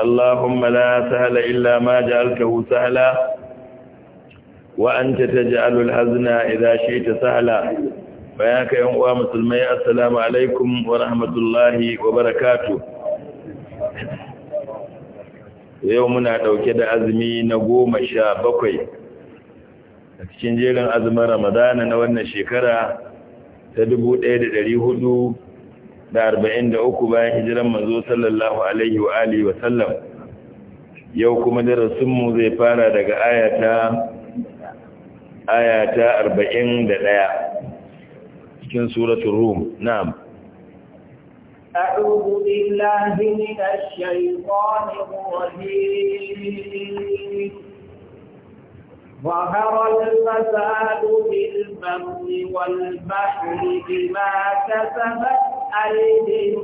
اللهم لا سهل إلا ما جعلته سهلا وأنت تجعل الحزن إذا شئت سهلا فياك يوم ومسلمي السلام عليكم ورحمة الله وبركاته يومنا لو كده أزمي نقوم الشابقي cikin jerin azumin ramadana na wannan shekara ta 1400 da arba'in da uku bayan hijiran manzo sallallahu alaihi wa alihi wa sallam yau kuma darasin mu zai fara daga ayata ayata arba'in da ɗaya cikin suratul rum na'am أعوذ بالله من الشيطان الرجيم ظهر الفساد بالبر والبحر بما كسبت أيدي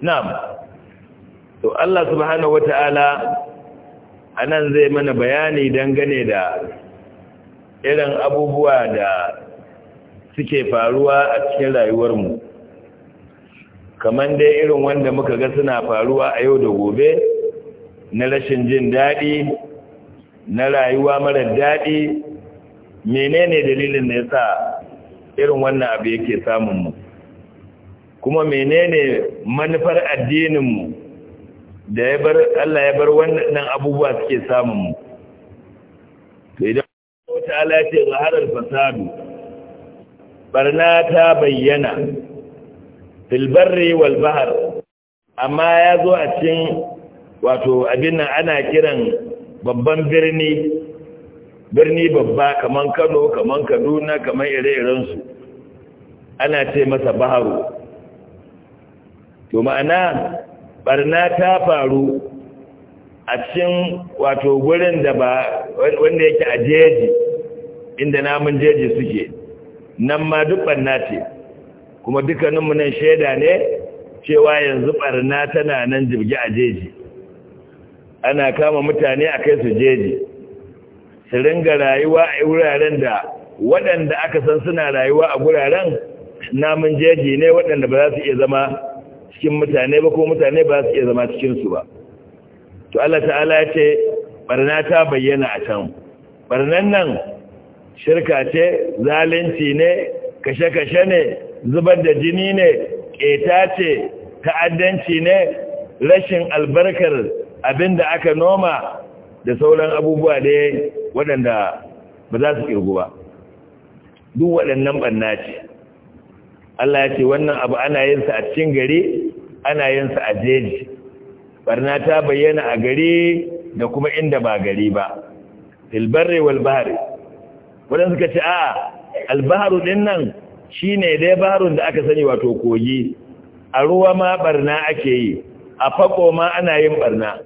نعم to Allah subhanahu wataala anan zai mana bayani dangane da irin abubuwa da suke faruwa a cikin rayuwarmu kamar dai irin wanda muka ga suna faruwa a yau da gobe na rashin jin daɗi na rayuwa mara daɗi menene dalilin da ya sa irin wannan abu yake samun mu? kuma menene manufar addininmu da ya bar Allah ya bar wannan abubuwa suke samun mu? to idan ya ce zaharar fasadu barna ta bayyana filbarri wal bahar amma ya zo a cikin wato abin nan ana kiran babban birni birni babba kaman kano kaman kaduna kaman ire su. ana ce masa baharu to ma'ana barna ta faru a cikin wato gurin da ba wanda yake a jeji inda namun jeji suke nan ma duk barna ce kuma dukkaninmu nan shaida ne cewa yanzu barna tana nan jirgi a jeji ana kama mutane a kai su jeji su ringa rayuwa a wuraren da waɗanda aka san suna rayuwa a guraren namun jeji ne waɗanda ba za su iya zama cikin mutane ba ko mutane ba su iya zama cikinsu ba to Allah ta'ala ya ce barna ta bayyana a can barnan nan shirka ce zalunci ne kashe-kashe ne zubar da jini ne ƙeta ce ta'addanci ne rashin albarkar abinda aka noma da sauran abubuwa da waɗanda ba za su ƙirgu ba duk waɗannan ɓanna ce Allah ya ce wannan abu ana yin sa a cikin gari ana yin sa a jeji barna ta bayyana a gari da kuma inda ba gari ba filbarre wal bahari wadanda suka ce a'a albaharu din nan shi ne dai barun da aka sani wato kogi a ruwa ma barna ake yi a fako ma ana yin barna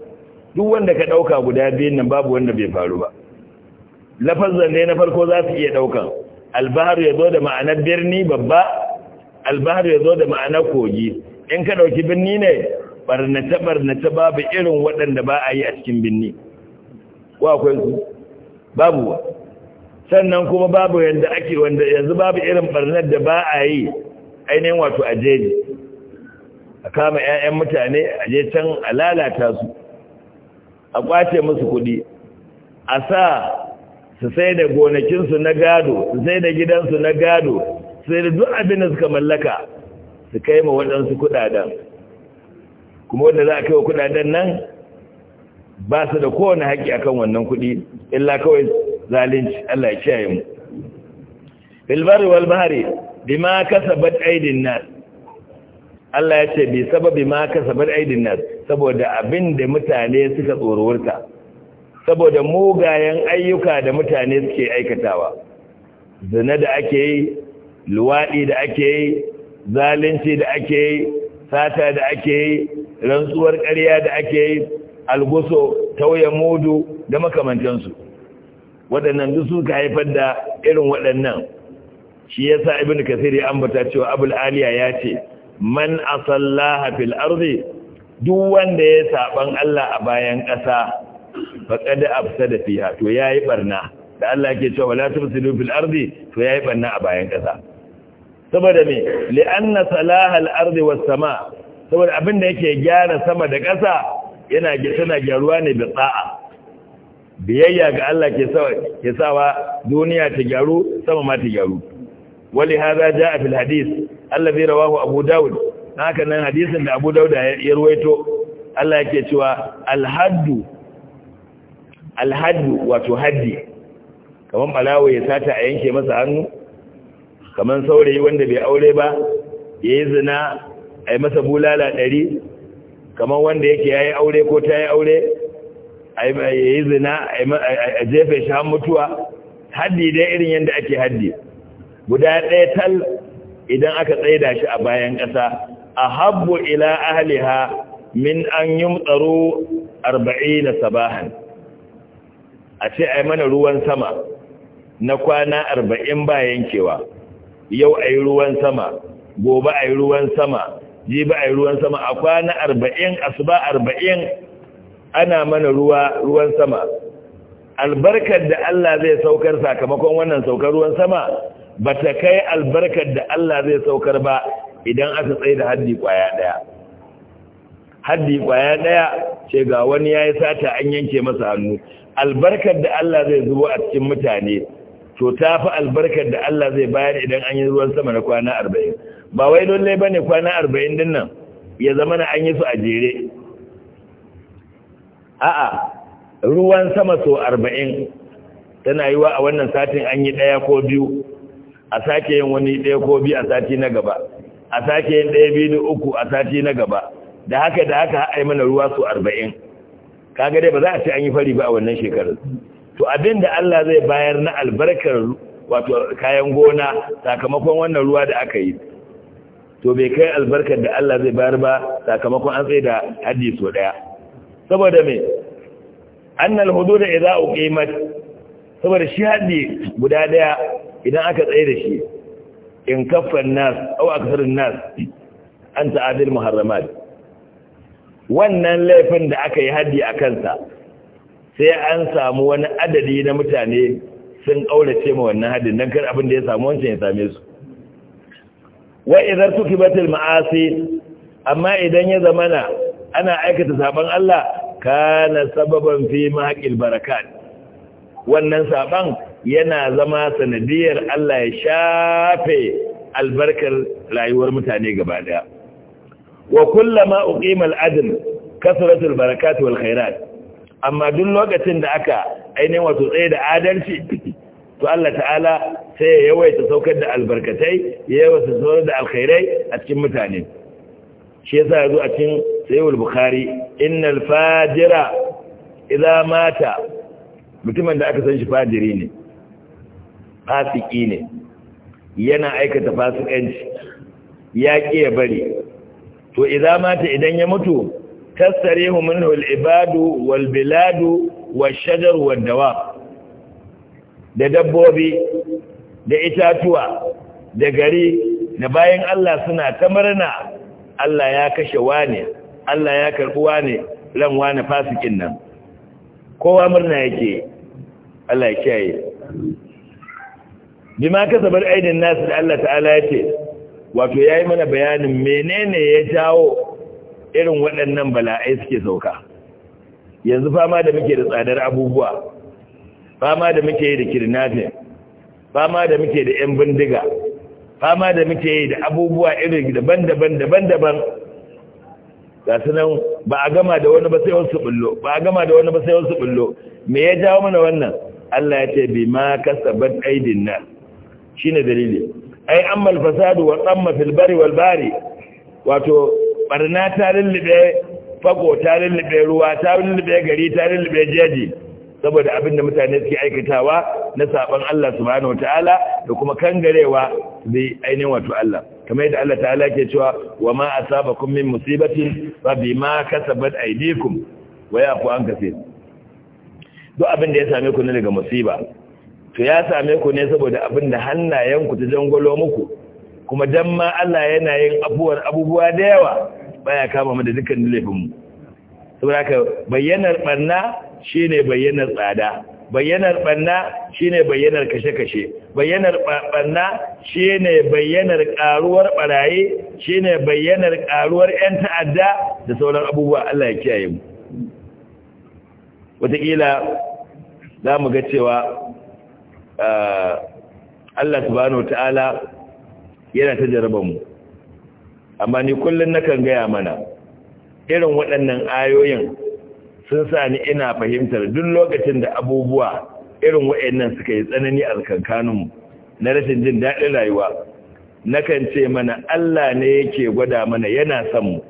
duk wanda ka ɗauka guda biyun nan babu wanda bai faru ba lafazan dai na farko za su iya ɗaukan albaharu ya zo da ma'anar birni babba albaharu ya zo da ma'anar kogi in ka ɗauki birni ne barnace-barnace babu irin waɗanda ba a yi a cikin birni ko akwai su babu sannan kuma babu yadda ake wanda yanzu babu irin barnar da ba a yi ainihin wato a jeji a kama 'ya'yan mutane a je can a lalata su a kwace musu kuɗi a sa su sai da gonakinsu na gado su sai da gidansu na gado su sai da duk abin da suka mallaka su kai ma waɗansu kuɗaɗen kuma wanda za a kai wa kuɗaɗen nan ba su da kowane haƙƙi kan wannan kuɗi illa kawai zalunci Allah ya kiyaye mu bil bari wal bahri bima kasabat aidin nas Allah ya ce bi sababi ma kasabat aidin nas saboda abin da mutane suka tsoruwarta saboda mugayen ayyuka da mutane suke aikatawa zina da ake yi luwaɗi da ake yi zalunci da ake yi sata da ake yi rantsuwar ƙarya da ake yi alguso tauye mudu da makamantansu waɗannan duk suka haifar da irin waɗannan shi yasa ibnu kasir ya ambata cewa Abul'Aliya ya ce man asallaha fil arzi, duk wanda ya saban Allah a bayan ƙasa da faqad da fiya to ya yi ɓarna. da Allah ke cewa la tufsidu fil arzi? to ya yi ɓarna a bayan ƙasa saboda me li'anna salahal ardi was sama saboda abin da yake gyara sama da ƙasa yana tana gyaruwa ne bi tsa'a biyayya ga Allah ke sawa ke sawa duniya ta gyaru sama ma ta gyaru wali hada jaa fil hadith allazi rawahu abu daud haka nan hadisin da abu daud ya ruwaito Allah yake cewa al-haddu al-haddu wato haddi kaman balawo ya sata a yanke masa hannu kaman saurayi wanda bai aure ba yayi zina ai masa bulala ɗari kaman wanda yake yayi aure ko ta yi aure ba yi zina a jefe shi har mutuwa haddi dai irin yadda ake haddi guda ɗaya tal idan aka tsaida shi a bayan ƙasa a habbu ila ahliha min an yi tsaro arba'i na sabahan a ce a mana ruwan sama na kwana arba'in bayan cewa yau a yi ruwan sama gobe a yi ruwan sama jibi a yi ruwan sama a kwana arba'in asuba arba'in ana mana ruwa ruwan sama albarkar da Allah zai saukar sakamakon wannan saukar ruwan sama ba ta kai albarkar da Allah zai saukar ba idan aka tsaye da haddi kwaya daya haddi kwaya daya ce ga wani ya yi sata an yanke masa hannu albarkar da Allah zai zubo a cikin mutane to ta fi albarkar da Allah zai bayar idan an yi ruwan sama na kwana arba'in ba wai lallai ba ne kwana arba'in din ya zama na an yi su a jere a'a ruwan sama so arba'in tana yi wa a wannan satin an yi ɗaya ko biyu a sake yin wani ɗaya ko biyu a sati na gaba a sake yin ɗaya biyu da uku a sati na gaba da haka da haka haɗa mana ruwa so arba'in kaga dai ba za a ce an yi fari ba a wannan shekarar to abin da Allah zai bayar na albarkar wato kayan gona sakamakon wannan ruwa da aka yi to bai kai albarkar da Allah zai bayar ba sakamakon an tsaye da haddi so ɗaya saboda mai annal hudu da iza uqimat saboda shi haɗi guda daya idan aka tsaye da shi in kaffan nas au aksarin nas an ta'adil muharramat wannan laifin da aka yi haddi a kansa sai an samu wani adadi na mutane sun ƙaurace ma wannan haɗin, don kar abin da ya samu wancan ya same su wa idan tuki batil ma'asi amma idan ya zamana ana aikata saban Allah kana sababan fi maƙil barakat wannan saban yana zama sanadiyar Allah ya shafe albarkar rayuwar mutane gaba daya wa kullama uqima al-adl kasratul barakat wal khairat amma duk lokacin da aka ainihin wato tsaye da adalci to Allah ta'ala sai ya yawaita saukar da albarkatai ya yawaita saukar da alkhairai a cikin mutane shi yasa yazo a cikin sayyid bukhari innal fajira idza mata mutumin da aka san shi fajiri ne fasiki ne yana aikata fasikanci ya ki ya bari to idza mata idan ya mutu tasarihu minhu al-ibadu wal biladu washajar wad da dabbobi da itatuwa da gari da bayan Allah suna ta murna Allah ya kashe wani Allah ya karɓi wane ran wane fasikin nan kowa murna yake Allah ya kiyaye bima kasabar aidin nasu da Allah ta'ala ya ce wato ya yi mana bayanin menene ya jawo irin waɗannan bala'ai suke sauka yanzu fama da muke da tsadar abubuwa fama da muke da kirnafin fama da muke da 'yan bindiga fama da muke da abubuwa irin daban-daban daban-daban ga nan ba a gama da wani ba sai wasu bullo ba a gama da wani ba sai wasu bullo me ya jawo mana wannan Allah ya ce bi ma kasabat aidin nan shine dalili ai amma fasadu wa tamma fil bari wal bari wato barna ta lullube fago ta lullube ruwa ta lullube gari ta lullube jeji saboda abin da mutane suke aikatawa na saban Allah subhanahu wataala da kuma kangarewa bi ainihin wato Allah kamar yadda Allah ta'ala ke cewa wa ma asabakum min musibatin fa bima kasabat aydikum wa ku an kaseer duk abin da ya same ku ne daga musiba to ya same ku ne saboda abin da hannayen ku ta jangolo muku kuma dan ma Allah yana yin abuwar abubuwa da yawa baya kama mu da dukkan laifin mu saboda ka bayyanar barna shine bayyanar tsada bayyanar banna shine bayyanar kashe-kashe bayyanar banna shine bayyanar karuwar baraye shine bayyanar karuwar yan ta'adda da sauran abubuwa Allah ya kiyaye mu wataƙila za mu ga cewa ah, Allah subhanahu ta'ala yana ta jaraba mu amma ni kullum nakan gaya mana irin waɗannan ayoyin sun sa ni ina fahimtar duk lokacin da abubuwa irin wa'annan suka yi tsanani a kankaninmu na rashin jin daɗin rayuwa nakan ce mana Allah ne yake gwada mana yana son mu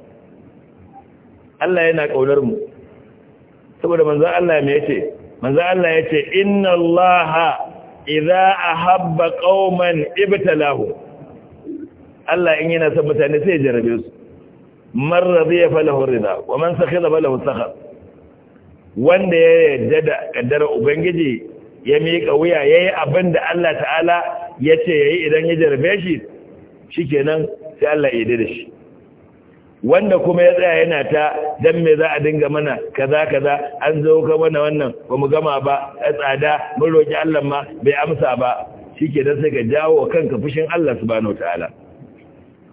Allah yana ƙaunar mu saboda manzon Allah me yace manzon Allah yace inna Allah idza ahabba qauman ibtalahu Allah in yana son mutane sai ya jarabe su man radiya falahu rida wa man sakhida falahu sakhar wanda ya yarda da kaddara ubangiji ya mika wuya yayi abin da Allah ta'ala ya ce yayi idan ya jarbe shi shikenan sai Allah ya da shi wanda kuma ya tsaya yana ta dan me za a dinga mana kaza kaza an zo ka mana wannan ba mu gama ba a tsada mun roki Allah ma bai amsa ba shikenan sai ka jawo kanka fushin Allah subhanahu wataala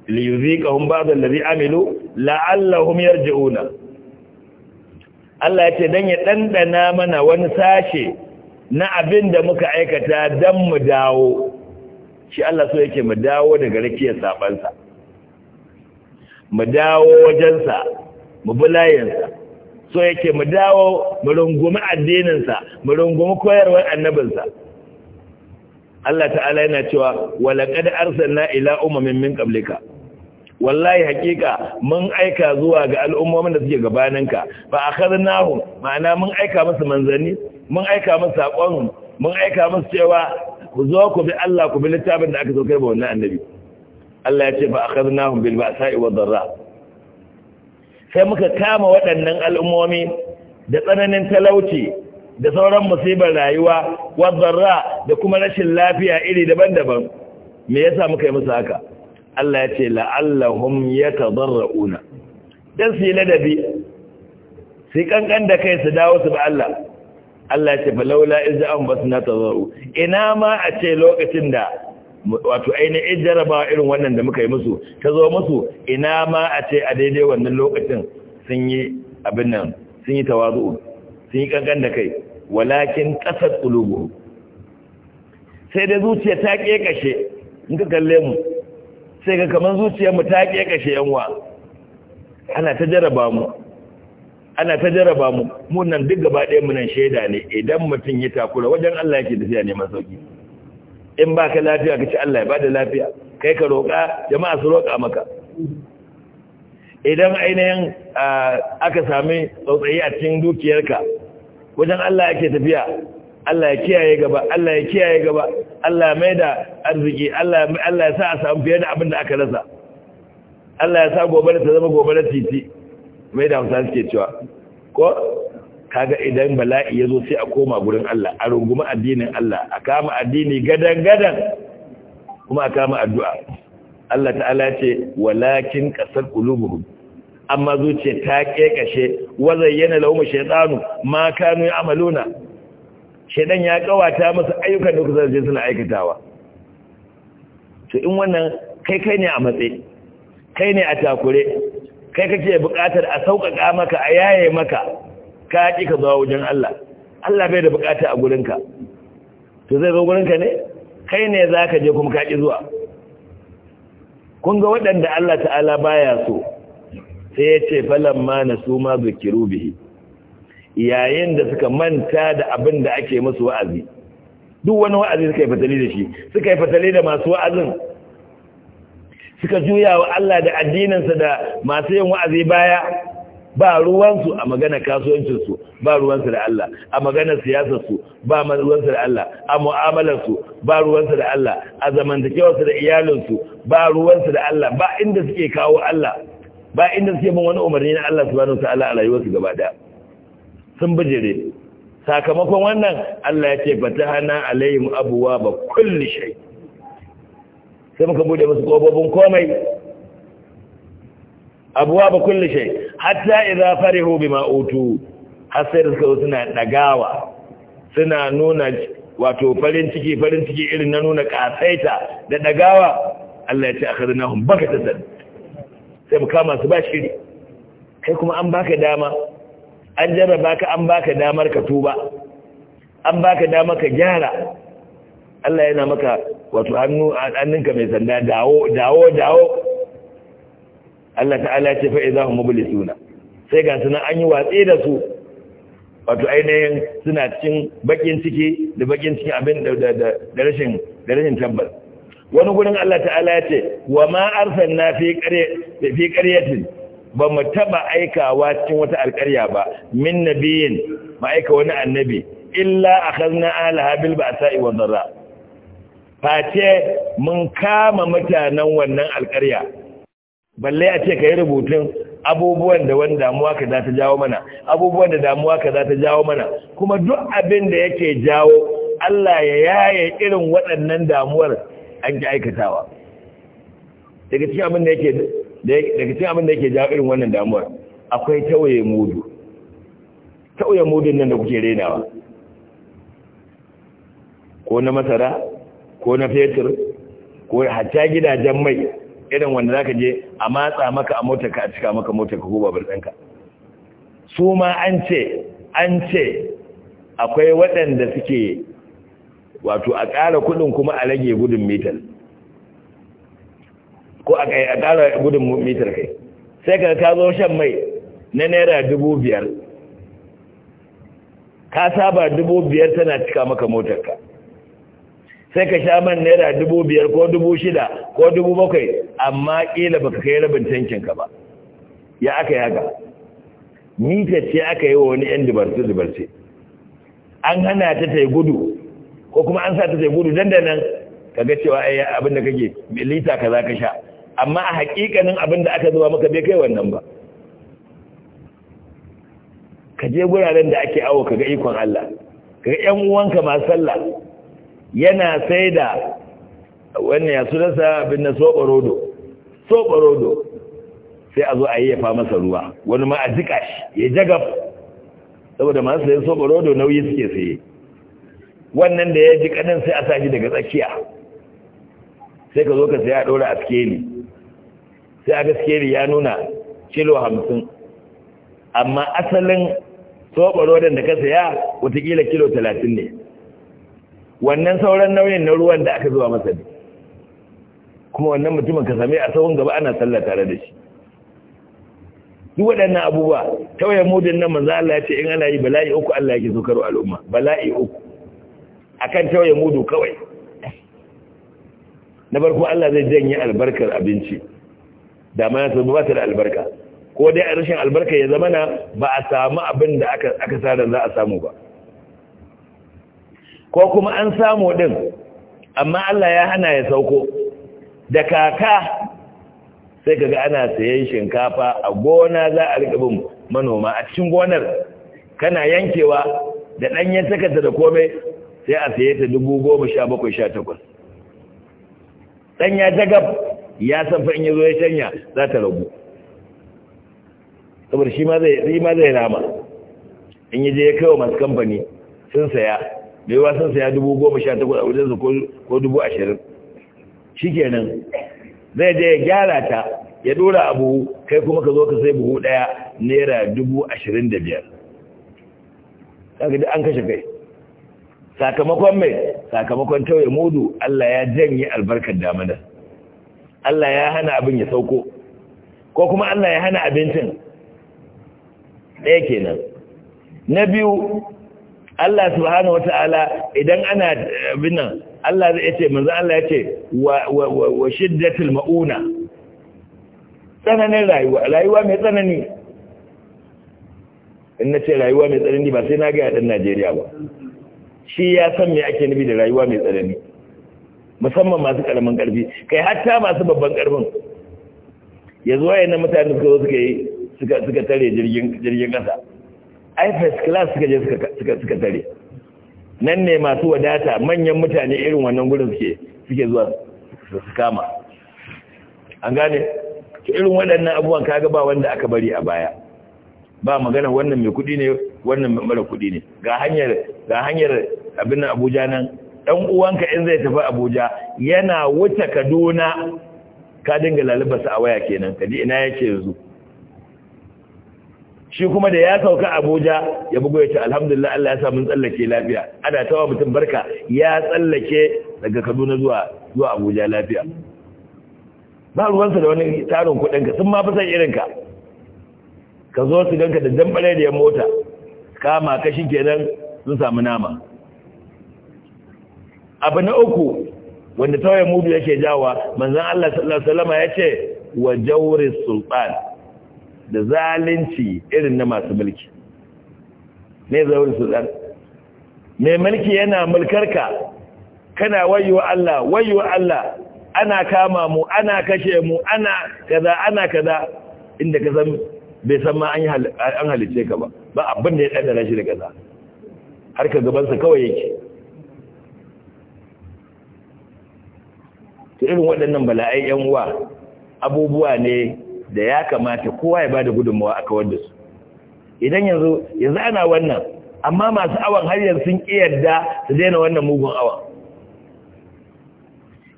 liyuziqahum ba'd allazi amilu la'allahum yarji'una Allah ya ce dan ya dandana mana wani sashe na abin da muka aikata dan mu dawo shi Allah so yake mu dawo daga rikiyar saɓansa, mu dawo wajensa mu bi so yake mu dawo mu rungumi addininsa mu rungumi koyarwar annabinsa Allah ta'ala yana cewa walaqad arsalna ila umamin min qablika wallahi hakika mun aika zuwa ga al'ummomin da suke gabaninka fa nahu ma'ana mun aika musu manzanni mun aika musu sakon mun aika musu cewa ku zo ku bi Allah ku bi littafin da aka kai ba wannan annabi Allah ya ce ba a fa nahu bil ba'sa'i wa darra sai muka kama waɗannan al'ummomi da tsananin talauci da sauran musibar rayuwa wa darra da kuma rashin lafiya iri daban-daban me yasa muka yi musu haka Allah ya ce la'allahum yatadarrauna dan su yi ladabi sai kankan da kai su dawo su ba Allah Allah ya ce laula idza an basna tadarru ina ma a ce lokacin da wato ainihin jaraba irin wannan da muka yi musu ta zo musu ina ma a ce a daidai wannan lokacin sun yi abin nan sun yi tawazu sun yi kankan da kai walakin ƙasar qulubuhum sai da zuciya ta kekashe in ka kalle mu sai ga kamar zuciyarmu ta kashe yanwa ana ta jaraba mu ana ta jaraba mu munan duk gaba ɗaya munan shaida ne idan mutum ya takura wajen Allah yake tafiya neman sauki in ba ka lafiya ka ci Allah ya bada lafiya kai ka roƙa jama'a su roƙa maka idan ainihin ah, aka sami tsautsayi a cikin dukiyarka wajen Allah yake tafiya Allah ya kiyaye gaba Allah ya kiyaye gaba Allah mai da arziki Allah Allah ya sa a samu fiye da abin da aka rasa Allah ya sa gobe ta zama gobe titi mai da hamsa suke cewa ko kaga idan bala'i ya zo sai a koma gurin Allah a runguma addinin Allah a kama addini gadan gadan kuma a kama addu'a Allah ta'ala ce walakin qasal qulubuhum amma zuciya ta kekashe wazayyana lahum shaytanu ma kanu ya'maluna shedan ya kawata musu ayyukan da kusa je suna aikatawa to in wannan kai kai ne a matsayi kai ne a takure kai kake buƙatar a sauƙaƙa maka a yaye maka ka haƙi ka zuwa wajen Allah Allah bai da buƙata a gurinka to zai zo gurinka ne kai ne zaka je kuma ka haƙi zuwa kun ga waɗanda Allah ta'ala baya so sai ya ce falamma nasu ma zukiru bihi yayin da suka manta da abin da ake musu wa'azi duk wani wa'azi suka yi fatali da shi suka yi fatali da masu wa'azin suka juya wa Allah da addininsa da masu yin wa'azi baya ba ruwansu a magana kasuwancinsu ba ruwansu da Allah a magana siyasarsu ba ruwansu da Allah a mu'amalarsu ba ruwansu da Allah a zamantakewarsu da iyalinsu ba ruwansu da Allah ba inda suke kawo Allah ba inda suke bin wani umarni na Allah subhanahu wa ta'ala a rayuwarsu gaba daya sun bijire sakamakon wannan Allah ya ce fatahana alaihim abuwa ba kulli shay sai muka bude musu kofofin komai abuwa ba kulli shay hatta idza farihu bima utu har sai suka zo suna dagawa suna nuna wato farin ciki farin ciki irin na nuna kasaita da dagawa Allah ya ce akhadnahum bakatatan sai mu kama su ba shiri kai kuma an baka dama an jarraba ka an baka damar ka tuba an baka damar ka gyara Allah yana maka wato hannu hannunka mai sanda dawo dawo dawo Allah ta'ala ce fa idza hum mublisuna sai ga sunan an yi watsi da su wato ainihin suna cikin bakin ciki da bakin cikin abin da da rashin da rashin tabbas wani gurin Allah ta'ala ya ce wa ma arsalna fi qaryatin fi qaryatin ba mu taba aikawa cikin wata alƙarya ba min nabiyin aika wani annabi illa akhadna alaha habil ba'sa'i wa dharra face mun kama mutanen wannan alƙarya balle a ce kai rubutun abubuwan da wani damuwa ka za ta jawo mana abubuwan da damuwa ka za ta jawo mana kuma duk abin da yake jawo Allah ya yaye irin waɗannan damuwar an ki aikatawa daga cikin abin da yake daga cikin abin da yake ja irin wannan damuwar akwai tawaye mudu tawaye mudun nan da kuke rainawa. ko na masara ko na fetur ko hatta gidajen mai irin wanda zaka je a matsa maka a mota ka a cika maka mota ka ko babar su ma an ce an ce akwai waɗanda suke wato a ƙara kuɗin kuma a rage gudun mitar. ko a ƙara gudun mitar kai sai ka ka zo shan mai na naira dubu biyar ka saba dubu biyar tana cika maka motarka sai ka sha man naira dubu biyar ko dubu shida ko dubu bakwai amma ƙila baka kai rabin tankinka ba ya aka yaga mita ce aka yi wa wani 'yan dubarce-dubarce an hana ta ta gudu ko kuma an sa ta ta gudu dandanan ka ga cewa abin da kake lita za ka sha amma a hakikanin abin da aka zuba maka bai kai wannan ba ka je guraren da ake awo kaga ikon Allah kaga yan uwanka masu sallah yana sai da wannan ya sunansa bin na soɓarodo soɓarodo sai a zo a yi ya fa masa ruwa wani ma a jika shi ya jagab saboda masu sayan soɓarodo nauyi suke saye wannan da ya ji kanin sai a sa shi daga tsakiya sai ka zo ka saya a ɗora a skeli sai a gaske ya nuna kilo hamsin amma asalin rodin da ka saya watakila kilo talatin ne wannan sauran nauyin na ruwan da aka zuwa masa kuma wannan mutumin ka same a tsawon gaba ana tsalla tare da shi duk waɗannan abubuwa tauye mudin nan manzo Allah ya ce in ana yi bala'i uku Allah yake zukaru al'umma bala'i uku akan tauye mudu kawai na farko Allah zai janye albarkar abinci da ma ya ba ta da albarka ko dai rashin albarka ya zama na ba a samu abin da aka aka za a samu ba ko kuma an samu din amma Allah ya hana ya sauko da kaka sai kaga ana sayan shinkafa a gona za a rika bin manoma a cikin gonar kana yankewa da danyen takarda da komai sai a saye ta 17,000 dan ya jagab ya san fa in yazo ya shanya za ta rabu saboda shi ma zai shi ma zai rama in yaje ya kai wa masu kamfani sun saya mai wa sun saya dubu goma sha takwas a wajen su ko dubu ashirin shikenan zai je ya gyara ta ya dora abu kai kuma ka zo ka sai buhu daya naira dubu ashirin da biyar kaga duk an kashe kai sakamakon mai sakamakon tauye mudu Allah ya janye albarkar damanar Allah ya hana abin ya sauko ko kuma Allah ya hana abincin ɗaya kenan na biyu Allah subhanahu wata'ala idan ana binan Allah zai ce manzo Allah ya ce wa shiddatul mauna tsananin rayuwa rayuwa mai tsanani in na ce rayuwa mai tsanani ba sai na ga dan Najeriya ba shi ya san me ake nufi da rayuwa mai tsanani musamman masu karamin karfi kai hatta masu babban karfin yanzu waye na mutane suka zo suka yi suka tare jirgin kasa ai first class suka je suka tare nan ne masu wadata manyan mutane irin wannan gurin suke suke zuwa su kama an gane irin waɗannan abubuwan kaga ba wanda aka bari a baya ba magana wannan mai kuɗi ne wannan mara kuɗi ne ga hanyar ga hanyar abin nan Abuja nan ɗan uwanka in zai tafi abuja yana wuce kaduna ka dinga lalubarsa a waya kenan kaji ina yake yanzu shi kuma da ya sauka abuja ya bugo ya ce alhamdulillah Allah ya sa mun tsallake lafiya ana tawa mutum barka ya tsallake daga kaduna zuwa zuwa abuja lafiya ba ruwansa da wani tarin kuɗinka sun ma fi san irinka ka zo su ganka da dambare da mota kama kashi kenan sun samu nama abu na uku wanda tawaye mudu yake jawa manzon Allah sallallahu alaihi wasallam yace wa jawri sultan da zalunci irin na masu mulki ne zawri sultan mai mulki yana mulkarka kana wayewa Allah wayewa Allah ana kama mu ana kashe mu ana kaza ana kaza inda ka san bai san ma an halice ka ba ba abin da ya ɗaɗa shi da kaza har ka gabansa kawai yake to irin waɗannan bala'ai yan uwa abubuwa ne da ya kamata kowa ya bada gudunmawa a kawar da su idan yanzu yanzu ana wannan amma masu awon har yanzu sun ki yarda su daina wannan mugun awon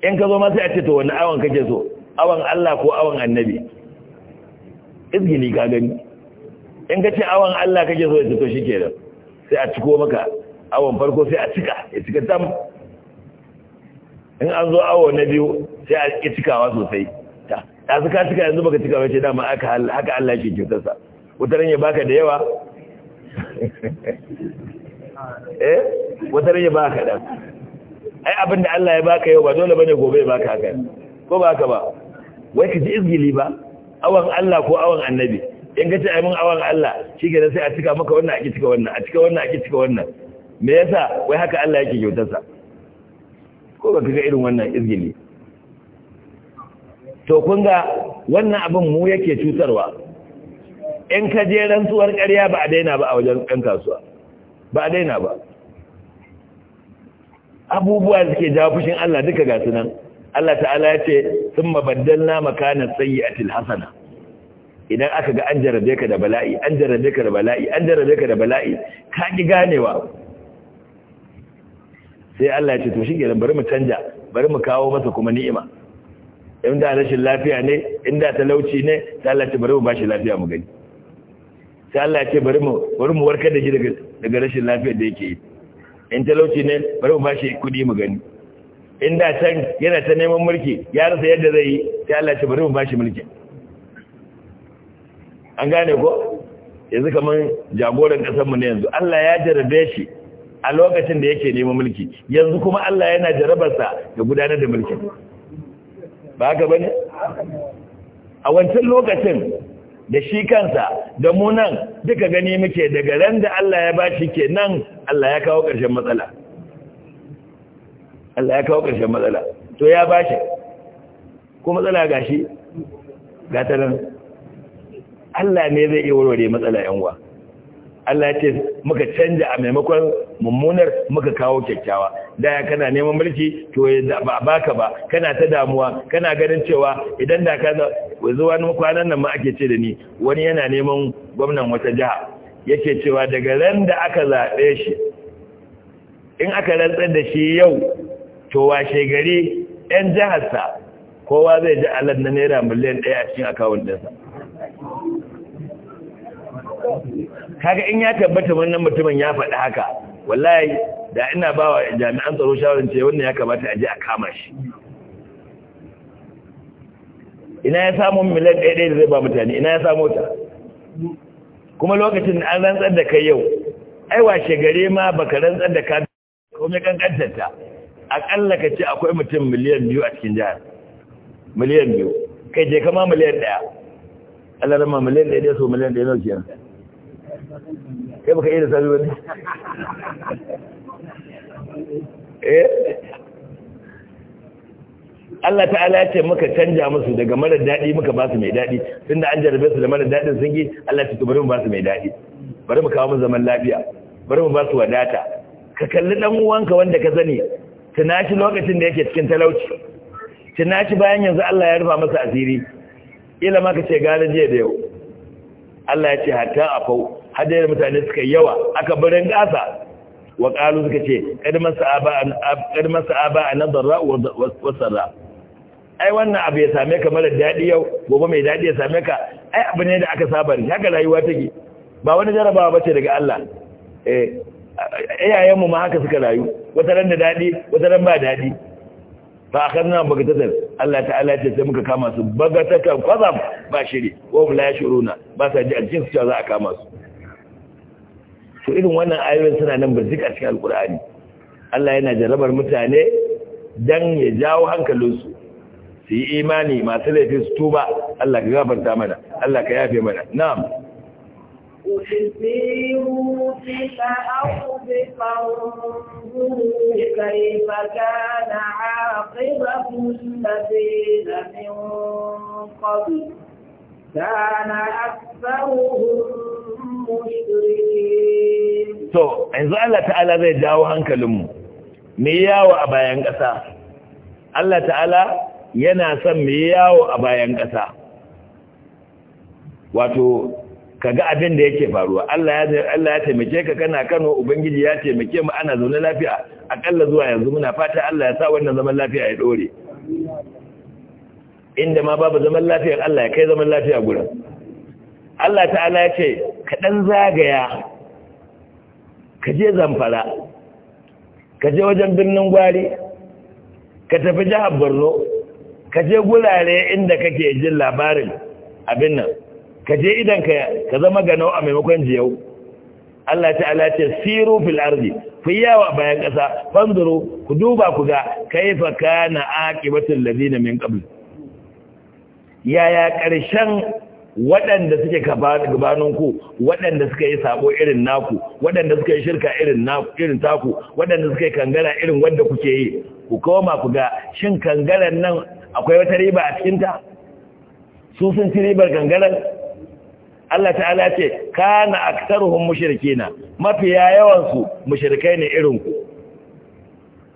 in ka zo ma sai a cito to wani awon kake so awon Allah ko awon annabi izgini ka gani in ka ce awon Allah kake so ya cito shi kenan sai a ciko maka awon farko sai a cika ya cika tam in an zo awo na biyu sai a ƙi cikawa sosai ta su ka cika yanzu baka cikawa ce dama haka Allah ke kyautarsa Wutar ya baka da yawa eh wutar ya baka da ai abin da Allah ya baka yau ba dole bane gobe ya baka haka ko ba haka ba wai ka ji izgili ba awan Allah ko awan annabi in ka ce ai mun awan Allah shi ke sai a cika maka wannan a cika wannan a cika wannan a cika wannan me yasa wai haka Allah yake kyautarsa ka ga irin wannan izgili to kun ga wannan abin mu yake cutarwa in ka je rantsuwar ƙarya ba a daina ba a wajen ɗan kasuwa ba a daina ba abubuwa suke jawo fushin Allah duka ga su Allah ta'ala ya ce sun mabaddal na makanan tsayi a tilhassana idan aka ga an jarabe ka da bala'i an jarabe ka da bala'i an jarabe ka da bala'i ka ƙi ganewa sai Allah ya ce to shikenan bari mu canja bari mu kawo masa kuma ni'ima in da rashin lafiya ne in da talauci ne sai Allah ya ce bari mu bashi lafiya mu gani sai Allah ya ce bari mu bari mu warkar da shi daga daga rashin lafiya da yake yi in talauci ne bari mu bashi kudi mu gani in da can yana ta neman mulki ya rasa yadda zai yi sai Allah ya ce bari mu bashi mulki an gane ko yanzu kaman jagoran kasar mu ne yanzu Allah ya jarabe shi a lokacin da yake neman mulki yanzu kuma Allah yana jarabarsa da gudanar da mulkin ba haka bane a wancan lokacin da shi kansa da mu nan duka gani muke daga ran da Allah ya bashi kenan Allah ya kawo ƙarshen matsala Allah ya kawo ƙarshen matsala to ya bashi ko matsala gashi gataran Allah ne zai iya warware matsala yan uwa Allah ya ce muka canja a maimakon mummunar muka kawo kyakkyawa da ya kana neman mulki to ba baka ba kana ta damuwa kana ganin cewa idan da ka zuwa kwanan nan ma ake ce da ni wani yana neman gwamnan wata jiha yake cewa daga ran da aka zaɓe shi in aka rantsar da shi yau to washe gari 'yan jiharsa kowa zai ji alar na naira miliyan ɗaya a cikin akawun ɗinsa kaga in ya tabbata wannan mutumin ya faɗi haka wallahi da ina ba wa jami'an tsaro shawarar ce wannan ya kamata a je a kama shi ina ya samu miliyan ɗaya ɗaya da zai ba mutane ina ya samu ta kuma lokacin da an rantsar da kai yau ai washe gare ma baka rantsar da ka komai kankantarta akalla ka ce akwai mutum miliyan biyu a cikin jihar miliyan biyu kai je kama miliyan ɗaya Allah rama miliyan ɗaya so miliyan ɗaya nau kenan kai baka iya lissafi wani eh Allah ta'ala ce muka canja musu daga marar daɗi muka ba su mai daɗi da an jarabe su da marar daɗin sun yi Allah ce to bari mu ba su mai daɗi bari mu kawo mu zaman lafiya bari mu ba su wadata ka kalli ɗan uwanka wanda ka sani tuna shi lokacin da yake cikin talauci tuna shi bayan yanzu Allah ya rufa masa asiri ila ma ka ce gane jiya da yau Allah ya ce hatta afau hadayar mutane suka yawa aka birin gasa wa ƙalu suka ce ƙadmar sa'aba a nan zarra wa sarra ai wannan abu ya same ka mara daɗi yau gobe mai daɗi ya same ka ai abu ne da aka saba ne haka rayuwa take ba wani jarabawa ba ce daga Allah eh iyayenmu ma haka suka rayu wata ran da daɗi wata ran ba daɗi ba a karnar bagatatar Allah ta'ala ce sai muka kama su bagatatar kwazam ba shiri wa la ya shuru na ba sa ji a cikin su za a kama su to irin wannan ayoyin suna nan ba a cikin alkur'ani Allah yana jarabar mutane dan ya jawo hankalinsu su yi imani masu laifi su tuba Allah ka gafarta mana Allah ka yafe mana na'am كيف كان أكثرهم To yanzu Allah ta'ala zai jawo hankalinmu me yawo a bayan ƙasa Allah ta'ala yana son me yawo a bayan ƙasa wato kaga abin da yake faruwa Allah ya taimake ka kana Kano ubangiji ya taimake mu ana zaune lafiya aƙalla zuwa yanzu muna fata Allah ya sa wannan zaman lafiya ya ɗore. inda ma babu zaman lafiya Allah ya kai zaman lafiya gurin Allah ta'ala ya ce ka ɗan zagaya ka je zamfara ka je wajen birnin gwari ka tafi jihar borno ka je gurare inda kake jin labarin abin nan ka je idan ka zama gano a maimakon jiyau Allah ta'ala ce siru fil ardi fi yawa bayan ƙasa fanzuru ku duba ku ga kaifa kana aqibatul ladina min qabl yaya ƙarshen waɗanda suke gabaninku waɗanda suka yi sabo irin naku waɗanda suka yi shirka irin naku irin taku waɗanda suka yi kangara irin wanda kuke yi ku koma ku ga shin kangaran nan akwai wata riba a cikinta su sun ci ribar kangaran Allah ta'ala ce kana aktaruhum mushrikeena mafiya yawan su mushrikai ne irin ku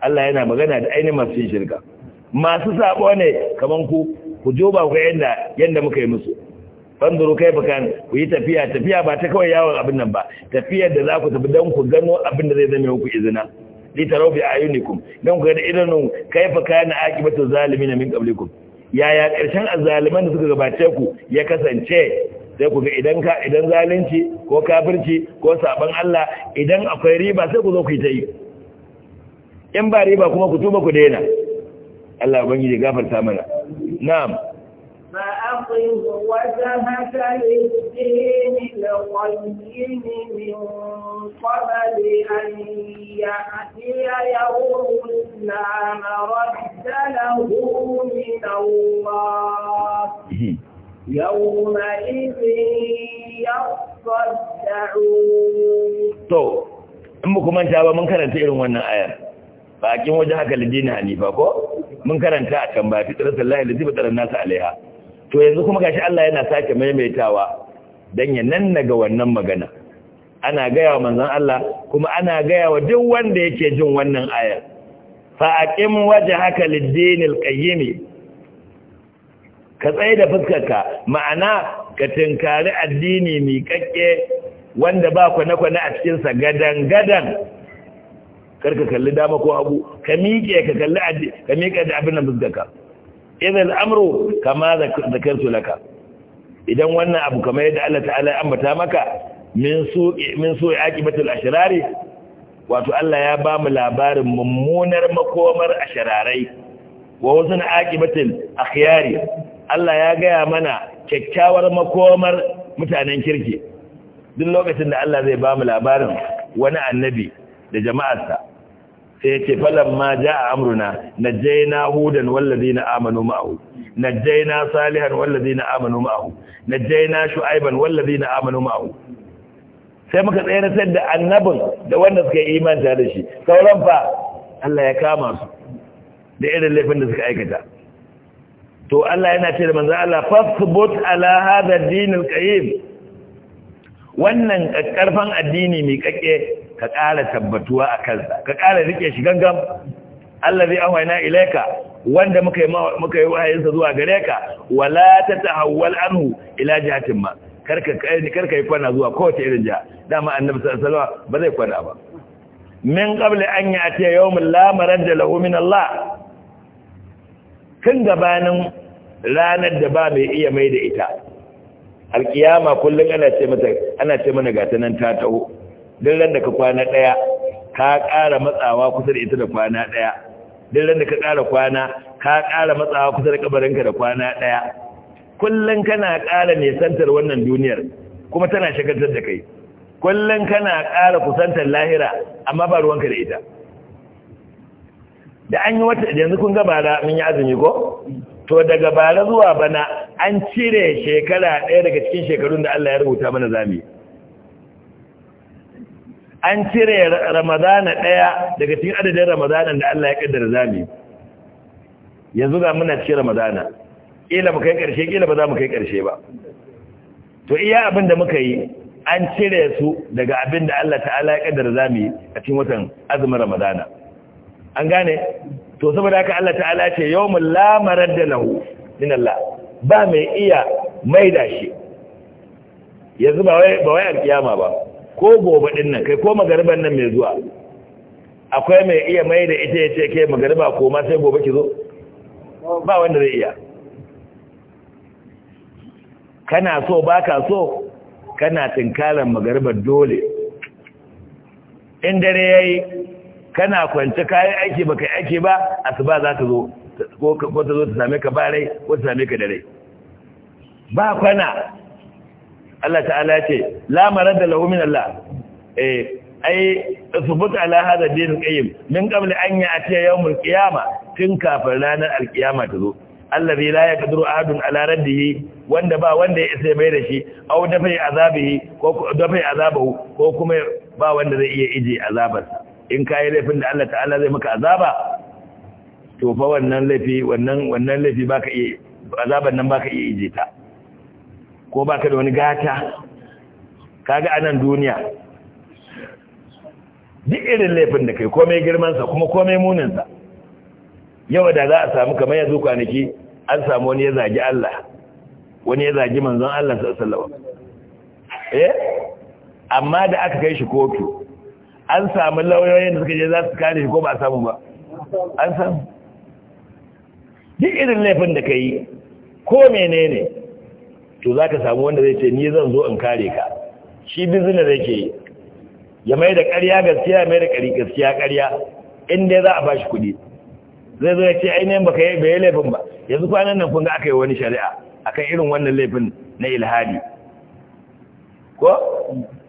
Allah yana magana da ainihin masu shirka masu sabo ne kaman ku ku joba ku yanda yanda muka yi musu fanzuru kai bakan ku yi tafiya tafiya ba ta kawai yawon abin nan ba tafiyar da za ku tafi don ku gano abin da zai zama ku izina tarau bi ayunikum don ku ga idanun kaifa kana akibatu zalimin min qablikum yaya karshen azzaliman da suka gabace ku ya kasance sai ku ga idan ka idan zalunci ko kafirci ko saban Allah idan akwai riba sai ku zo ku yi ta yi in ba riba kuma ku tuba ku daina Allah ubangiji gafarta mana na'am فأقم وجهك للدين القيم من قبل أن يأتي يوم لا مرد له من الله يومئذ يصدعون تو in muku manta ba mun karanta irin wannan ayar bakin wajen haka lidina hanifa ko mun karanta a can ba fitar sallahi da zibatar nasa alaiha to yanzu kuma gashi Allah yana sake maimaitawa dan ya naga wannan magana ana gaya wa manzon Allah kuma ana gaya wa duk wanda yake jin wannan ayar fa waje haka lid-dinil ka tsaye da fuskarka ma'ana ka tinkari addini miƙaƙƙe wanda ba kwane-kwane a cikinsa gadan-gadan karka kalli dama ko abu ka miƙe ka kalli ka da abin da fuskarka idan amru kama zakartu laka idan wannan abu kamar yadda Allah ta'ala ya ambata maka min su'i min su'i wato Allah ya ba mu labarin mummunar makomar ashirarai, wa wasun aqibatul akhyari Allah ya gaya mana kyakkyawar makomar mutanen kirki duk lokacin da Allah zai ba mu labarin wani annabi da jama'arsa sai ma ja a amruna na hudan na amanu ma'ahu najjayna salihan na amanu ma'ahu najjayna shu'aiban na amanu ma'ahu sai muka tsayar da annabin da wanda suka yi imanta da shi sauran fa Allah ya kama su da irin laifin da suka aikata to Allah yana ce da manzo Allah fasbut ala hadha ad-din al wannan karfan addini mai kakke ka ƙara tabbatuwa a kansa ka ƙara rike shi gangan Allah zai awaina ilaika wanda muka yi muka yi wahayinsa zuwa gare ka wala tatahawwal anhu ila jihatin ma karka karka yi kwana zuwa kowace irin jiha dama annabi sallallahu alaihi wasallam ba zai kwana ba min qabli an ya'tiya yawmin la maradda lahu min Allah kan gabanin ranar da ba mai iya mai da ita alkiyama kullum ana ce mata ana ce mana gata nan ta taho duk ran da ka kwana daya ka ƙara matsawa kusa da ita da kwana daya duk ran da ka ƙara kwana ka ƙara matsawa kusa da kabarinka da kwana daya kullun kana ƙara nisantar wannan duniyar kuma tana shagaltar da kai kullun kana ƙara kusantar lahira amma ba ruwanka da ita da an yi wata yanzu kun ga bara mun yi azumi ko to daga bara zuwa bana an cire shekara ɗaya daga cikin shekarun da Allah ya rubuta mana zami an cire ramadana ɗaya daga cikin adadin Ramadana da Allah ya kaddara zami yanzu ga muna cikin ramadana kila mu kai ƙarshe kila ba za mu kai ƙarshe ba to iya abin da muka yi an cire su daga abin da Allah ta'ala ya kaddara zami a cikin watan azumin ramadana an gane to saboda haka Allah ta'ala ce yawmul la maradda lahu min Allah ba mai iya maida shi yanzu ba wai ba wai alkiyama ba ko gobe din nan kai ko magariban nan mai zuwa akwai mai iya mai da ita ya ce kai magariba ko ma sai gobe ki zo ba wanda zai iya kana so baka so kana tinkalan magaribar dole in dare yayi kana kwance kayan aiki baka aiki ba asuba za ta zo ko ta zo ta same ka ba rai ko ta same ka da rai ba kwana Allah ta'ala ce la da lahu min Allah eh ai subut ala hada dinul qayyim min qabli an atiya yawmul qiyama tun kafin ranar alqiyama ta zo allazi la yaqdiru ahadun ala raddihi wanda ba wanda ya isa mai da shi aw dafai azabihi ko dafai azabahu ko kuma ba wanda zai iya ije azabar in kai laifin da Allah ta'ala zai maka azaba to fa wannan laifi wannan wannan laifi baka iya azaban nan baka iya ije ta ko ba ka da wani gata kaga anan duniya duk irin laifin da kai komai girmansa kuma komai muninsa yau da za a samu kamar yanzu kwanaki an samu wani ya zagi Allah wani ya zagi manzon Allah sallallahu eh amma da aka kai shi kotu an samu lauyoyin da suka je za su kare shi ko ba a samu ba an samu duk irin laifin da kai ko menene to za ka samu wanda zai ce ni zan zo in kare ka shi bizinar yake yi ya mai da ƙarya gaskiya mai da ƙari gaskiya ƙarya inda za a ba shi kuɗi zai zo ya ce ainihin baka yi bayan laifin ba yanzu kwanan nan kun ga aka yi wani shari'a akan irin wannan laifin na ilhadi ko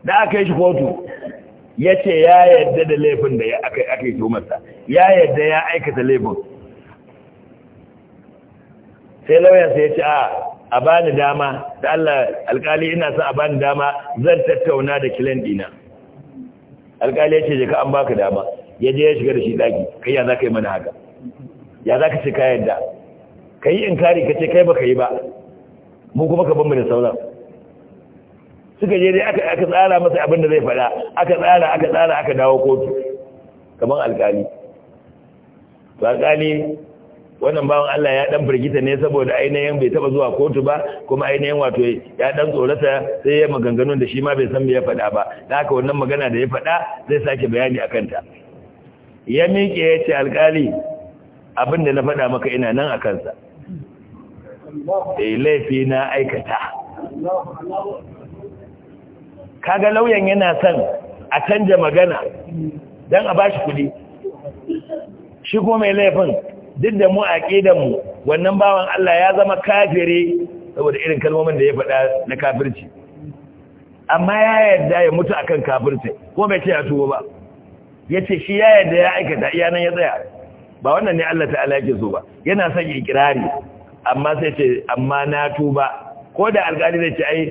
da aka yi shi kotu ya ce ya yadda da laifin da aka yi tumarsa ya yadda ya aikata laifin sai lauyansa ya ce a a bani dama da Allah alkali ina son a bani dama zan tattauna da kilan dina alkali yace ce je ka an baka dama ya je ya shiga da shi daki kai ya za ka yi mana haka ya za ka ce ka yadda kai inkari ka ce kai baka yi ba mu kuma ka bambam sauran suka je dai aka tsara masa abin da zai faɗa aka tsara aka tsara aka dawo kotu kamar alkali to alkali wannan bawan Allah ya dan firgita ne saboda ainihin bai taba zuwa kotu ba kuma ainihin wato ya dan tsorata sai ya maganganun da shi ma bai san me ya faɗa ba da haka wannan magana da ya faɗa zai sake bayani akan ta ya miƙe ya ce alƙali abin da na faɗa maka ina nan a kansa eh laifi na aikata kaga lauyan yana son a canja magana don a bashi kuɗi shi kuma mai laifin duk da mu a mu wannan bawan Allah ya zama kafiri saboda irin kalmomin da ya faɗa na kafirci amma ya yarda ya mutu akan kafirci ko bai ce ya tuwo ba ya ce shi ya yarda ya aikata iya nan ya tsaya ba wannan ne Allah ta'ala yake so ba yana son ikirari amma sai ce amma na tuba ko da alkali zai ce ai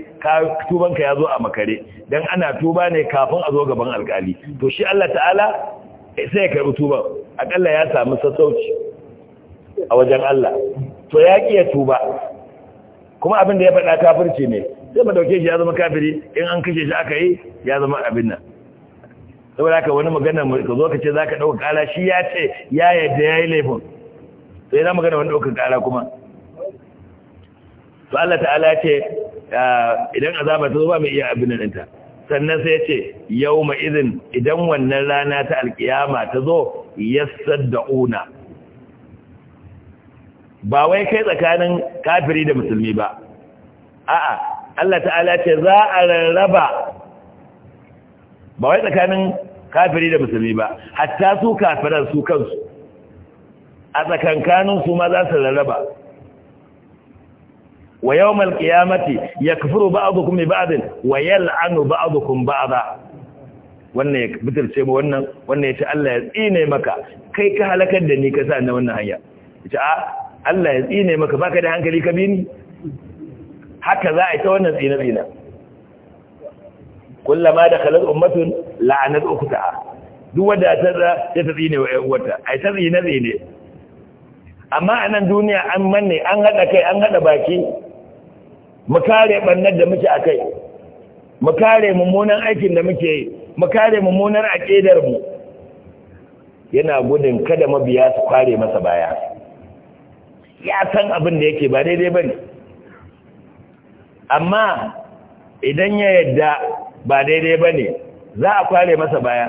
tubanka ya zo a makare dan ana tuba ne kafin a zo gaban alkali to shi Allah ta'ala sai ya karbi tuban akalla ya samu sassauci a wajen Allah to ya ki ya tuba kuma abin da ya faɗa kafirci ne sai ma dauke shi ya zama kafiri in an kashe shi aka yi ya zama abin nan saboda haka wani magana ka zo ka ce zaka dauka kala shi ya ce ya yadda yayi laifin sai zama magana wani dauka kala kuma to Allah ta'ala ya ce ah, idan azaba ta zo ba mai iya abin nan ta sannan sai ce yau ma'izin idan wannan rana ta alkiyama ta zo yassadda'una ba wai kai tsakanin kafiri da musulmi ba a'a Allah ta'ala ce za a rarraba ba wai tsakanin kafiri da musulmi ba hatta su kafiran su kansu a tsakankanin su ma za su rarraba wa yawmal qiyamati yakfuru ba'dukum bi ba'd wa yal'anu ba'dukum ba'da wannan ya bitirce mu wannan wannan ya ce Allah ya tsine maka kai ka halakar da ni ka sa na wannan hanya ya ce a Allah ya tsine maka baka da hankali ka bi ni haka za a yi ta wannan tsine tsina kullama da khalas ummatun la'anat ukta duk wanda ta ta tsine wa ƴan uwarta ai ta tsine tsine amma a nan duniya an manne an hada kai an hada baki mu kare bannar da muke akai mu kare mummunan aikin da muke yi mu kare mummunar aqidar mu yana gudun kada mabiya su kare masa baya ya san abin da yake ba daidai ba ne amma idan ya yadda ba daidai ba ne za a kware masa baya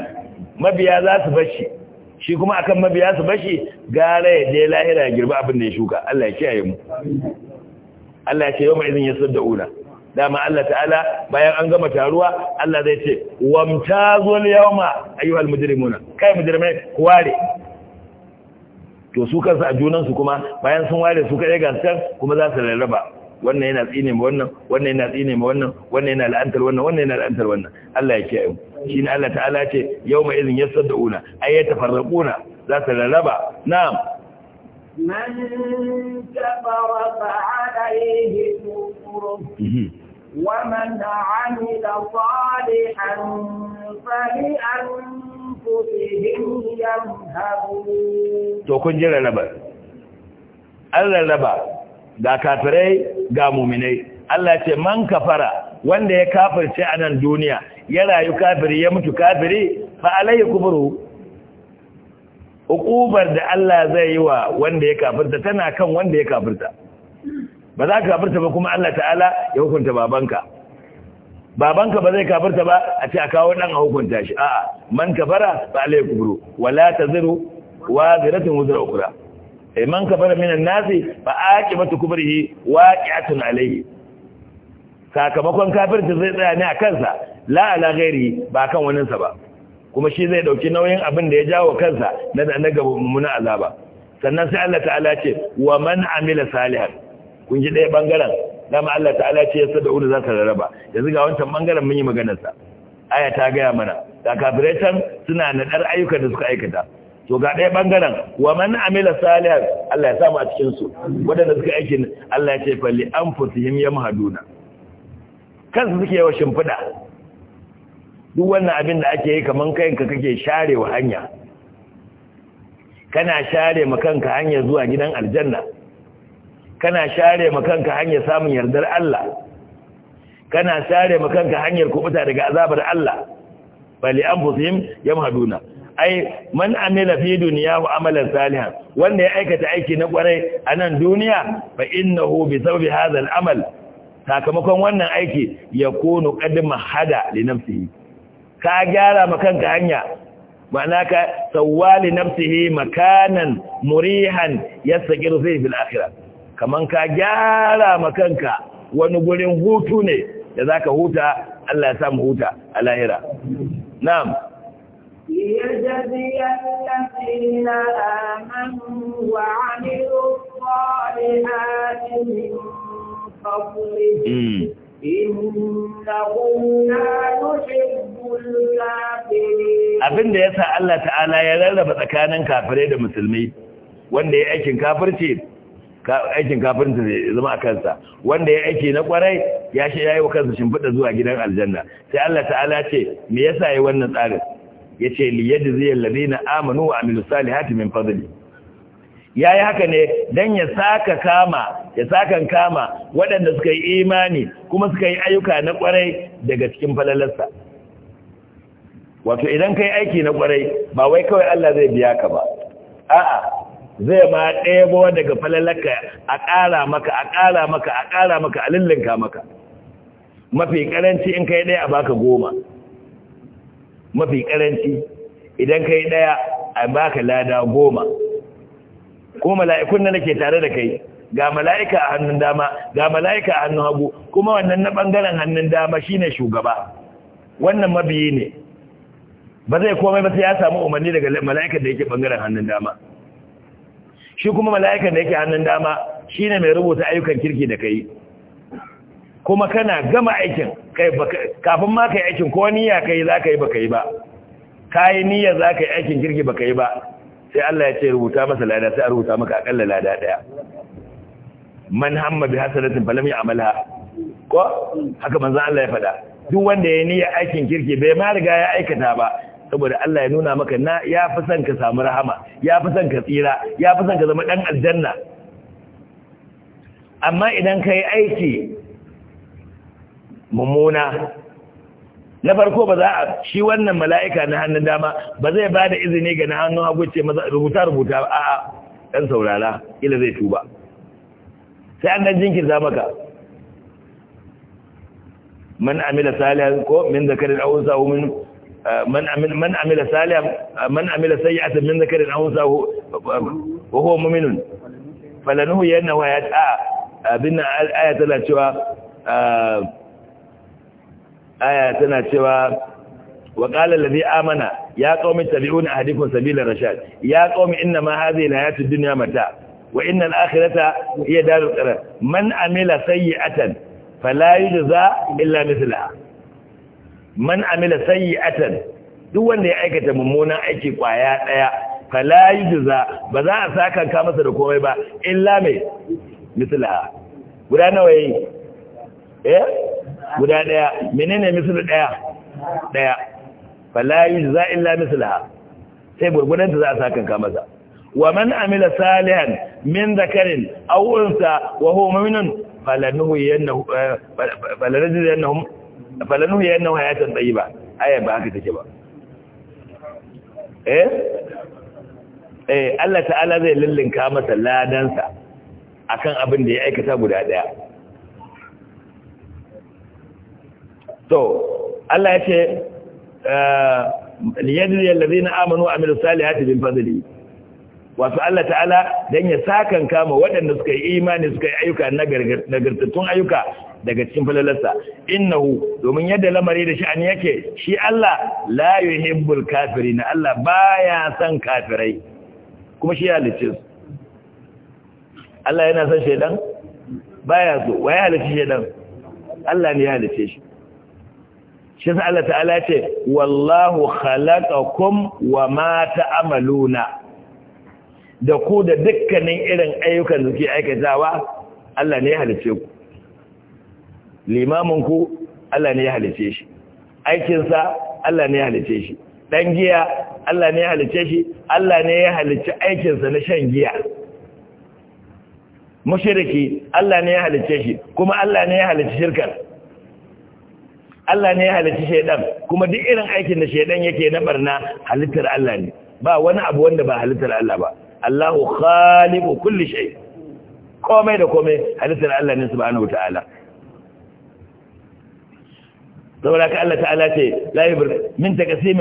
mabiya za su bashi shi kuma akan mabiya su bashi gara ya je lahira ya girba abin da ya shuka Allah ya kiyaye mu Allah ya ce yau mai izin ya sadda ula dama Allah ta'ala bayan an gama taruwa Allah zai ce wamtazul yawma ayyuhal mujrimuna kai mujrimai kware to su kansu a junansu kuma bayan sun ware su kaɗai gasar kuma za su rarraba wannan yana tsine ma wannan wannan yana tsine ma wannan wannan yana la'antar wannan wannan yana la'antar wannan Allah ya kiyaye mu. shi ne Allah ta'ala ce yau ma yawma idhin yasaddauna ay yatafarraquna za su rarraba na'am man kafara fa alayhi kufru ومن عمل صالحا فلأنفسه to kun ji rarraba an rarraba ga kafirai ga muminai Allah ce man kafara wanda ya kafirce a nan duniya ya rayu kafiri ya mutu kafiri fa alayhi kufru hukubar da Allah zai yi wa wanda ya kafirta tana kan wanda ya kafirta ba za ka kafirta ba kuma Allah ta'ala ya hukunta babanka babanka ba zai kafirta ba a ce a kawo ɗan a hukunta shi a'a man kafara fa alai kubru wala taziru wa ziratun wuzra ukra eh man kafara minan nasi ba fa aqibatu kubrihi waqi'atun alayhi sakamakon kafirta zai tsaya ne a kansa la ala ghairi ba kan waninsa ba kuma shi zai dauki nauyin abin da ya jawo kansa na da na gaba mun azaba sannan sai Allah ta'ala ce wa man amila salihan kun ji ɗaya ɓangaren dama Allah ta'ala ce ya sada uru za ka rarraba yanzu ga wancan ɓangaren mun yi maganarsa aya ta gaya mana da kafirai suna naɗar ayyukan da suka aikata to ga ɗaya ɓangaren wa man amila salihan Allah ya samu a cikin su waɗanda suka aikin Allah ya ce falli an fusihim ya mahaduna kansu suke yawa shimfiɗa duk wannan abin da ake yi kamar kayanka kake sharewa hanya kana share ma kanka hanya zuwa gidan aljanna kana share ma kanka hanyar samun yardar Allah kana share ma kanka hanyar kubuta daga azabar Allah bali anfusihim yamhaduna ai man amila fi dunyahu amalan salihan wanda ya aikata aiki na kwarai a nan duniya fa innahu bi sababi hadha al-amal sakamakon wannan aiki yakunu hada mahada li nafsihi ka gyara ma kanka hanya ma'ana ka sawwali nafsihi makanan murihan yastaqiru fihi fil akhirah kaman ka gyara ma kanka wani gurin hutu ne da zaka huta Allah ya samu huta a lahira na'am ليجزي الذين آمنوا وعملوا الصالحات من فضله Abin da ya sa Allah ta'ala ya rarraba tsakanin kafirai da musulmi wanda ya aikin kafirci aikin kafinta zai zama a kansa wanda ya aiki na kwarai ya shi yi wa kansa shimfiɗa zuwa gidan aljanna sai Allah ta'ala ce me yasa yi wannan tsarin yace li yajzi alladhina amanu wa sali hati min Ya yi haka ne don ya saka kama ya saka kama waɗanda suka yi imani kuma suka yi ayyuka na kwarai daga cikin falalarsa wato idan kai aiki na kwarai ba wai kawai Allah zai biya ka ba a'a zai ma ɗebo daga falalaka a ƙara maka a ƙara maka a ƙara maka a lullunka maka mafi ƙaranci in kai ɗaya a baka goma mafi ƙaranci idan kai ɗaya a baka lada goma ko mala'ikun na nake tare da kai ga mala'ika a hannun dama ga mala'ika a hannun hagu kuma wannan na ɓangaren hannun dama shine shugaba wannan mabiyi ne ba zai komai ba sai ya samu umarni daga mala'ikar da yake ɓangaren hannun dama shi kuma mala'ikan da yake hannun dama shi ne mai rubuta ayyukan kirki da kai kuma kana gama aikin kafin ma ka yi aikin ko niyya ka yi za ka yi ba ka yi ba ka yi niyya za ka yi aikin kirki ba ka yi ba sai Allah ya ce rubuta masa lada sai a rubuta maka akalla lada daya man hamma bi hasanatin falam ya'malha ko haka manzo Allah ya faɗa duk wanda ya niyya aikin kirki bai ma riga ya aikata ba saboda Allah ya nuna maka na ya fi son ka samu rahama ya fi son ka tsira ya fi son ka zama ɗan aljanna amma idan ka yi aiki mummuna na farko ba za a shi wannan mala'ika na hannun dama ba zai ba da izini ga na hannun hagu ce rubuta-rubuta a ɗan saurara ila zai tuba sai an ɗan jinkirta maka man amila salihan ko min zakarin awunsa wumin من عمل من عمل سالم من عمل سيئة من ذكر أو أنثى وهو مؤمن فلنه ينه آيات آه، آه، بنا آية تناشوا آه، آية تناشوا وقال الذي آمن يا قوم اتبعون أهديكم سبيل الرشاد يا قوم إنما هذه الحياة الدنيا متاع وإن الآخرة هي دار القرار من عمل سيئة فلا يجزى إلا مثلها man amila sayyi'atan duk wanda ya aikata mummunan aiki kwaya daya fala yujza ba za a saka ka masa da komai ba illa mai misla guda nawa yi eh guda daya menene misla daya daya fala yujza illa misla sai gurgudan ta za a saka ka masa wa man amila salihan min zakarin aw unsa wa huwa mu'minun falanuhu yannahu eh, falanajziyannahum falanu ya yana hayatan tsayi ba aya ba haka take ba eh eh Allah ta'ala zai lullunka masa ladansa akan abin da ya aikata guda daya to Allah ya ce ah, liyadri na amanu wa amilus salihati bil fadli Wasu Allah ta'ala dan ya sakan kama waɗanda suka yi imani suka yi ayyuka na nagartattun ayyuka daga cikin falalarsa innahu domin yadda lamari da sha'ani yake shi Allah la yuhibbul kafirin Allah baya son kafirai kuma shi ya su Allah yana son shedan baya so waye halicce shedan Allah ne ya halicce shi shi sa Allah ta'ala ce wallahu khalaqakum wa ma ta'maluna da ku da dukkanin irin ayyukan da kuke aikatawa Allah ne ya halicce ku limamin ku Allah ne ya halice shi aikinsa Allah ne ya halice shi dan giya Allah ne ya halice shi Allah ne ya halice aikinsa na shan giya mushriki Allah ne ya halice shi kuma Allah ne ya halice shirkar. Allah ne ya halice shaidan kuma duk irin aikin da shaidan yake na barna halittar Allah ne ba wani abu wanda ba halittar Allah ba Allahu khaliqu kulli shay komai da komai halittar Allah ne subhanahu wataala saboda ka Allah ta'ala ce laibir min